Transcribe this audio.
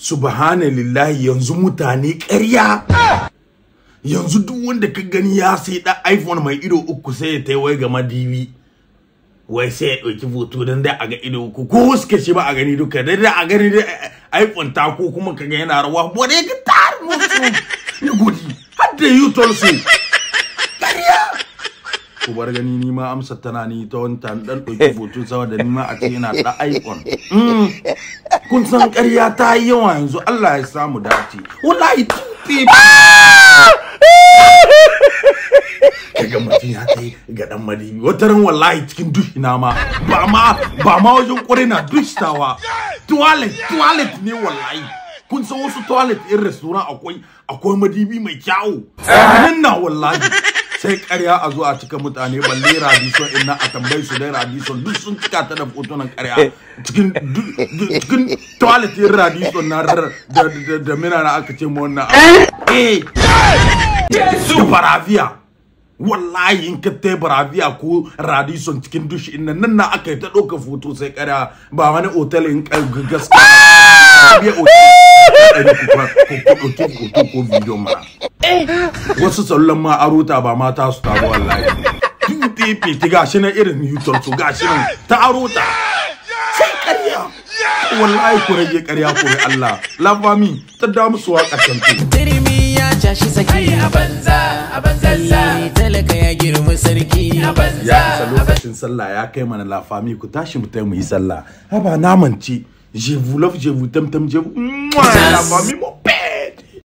subhanallahi yanzu mutane ƙarya yanzu duk wanda ka gani ya sai da iPhone mai ido uku sai ya taiwai ga dv wai sai ya ɗauki foto don dai a ga ido uku ko suke shi ba a gani duka dai da a gani dai iPhone ta ko kuma kaga yana rawa bore ka tar musu ni gudi har da you ƙarya ku bar gani ni ma amsa tana ni ta wani dan ɗauki foto saboda ni ma a ce yana da iPhone hmm. kun san ƙarya ta yi yawa yanzu Allah ya samu dace wallahi tufi kaga mutum ya kai ga dan madini wata ran wallahi cikin dushi na ma ba ma ba ma wajen ƙure na tawa toilet toilet ne wallahi kun san wasu toilet in restaurant akwai akwai madibi mai kyawu nan na wallahi sai karya a zo a cika mutane balle radison inna a tambayi su dai radison duk sun cika ta da fotunan karya eh. cikin cikin toiletin radison na da mina na aka ce mu wannan eh Baravia eh. wallahi in ka ta Baravia ko radison cikin dushi inna nan na aka yi ta ɗauka foto sai karya ba wani otal in gaskiya ah! ko ko ko ko ko ko Eh. wasu tsallon ma aruta ba mata su taru wallahi fifiti gashi na irin yutar to gashi nan ta aruta sai ƙarya wallahi ku rage ƙarya ku Allah lamba mi ta da musu waka ku dirimi ya jashi saki a banza a banza talaka ya girma sarki a banza ya lokacin sallah ya kai mana lafami ku tashi mu tai mu yi sallah haba na mance je vous love je vous tam tam je vous la famille